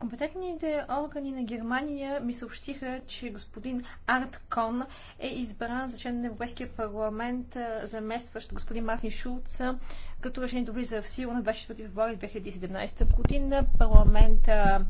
Компетентните органи на Германия ми съобщиха, че господин Арт Кон е избран за член на Европейския парламент, заместващ господин Мартин Шулц, като решение влиза в сила на 24 февруари 2017 година. Парламента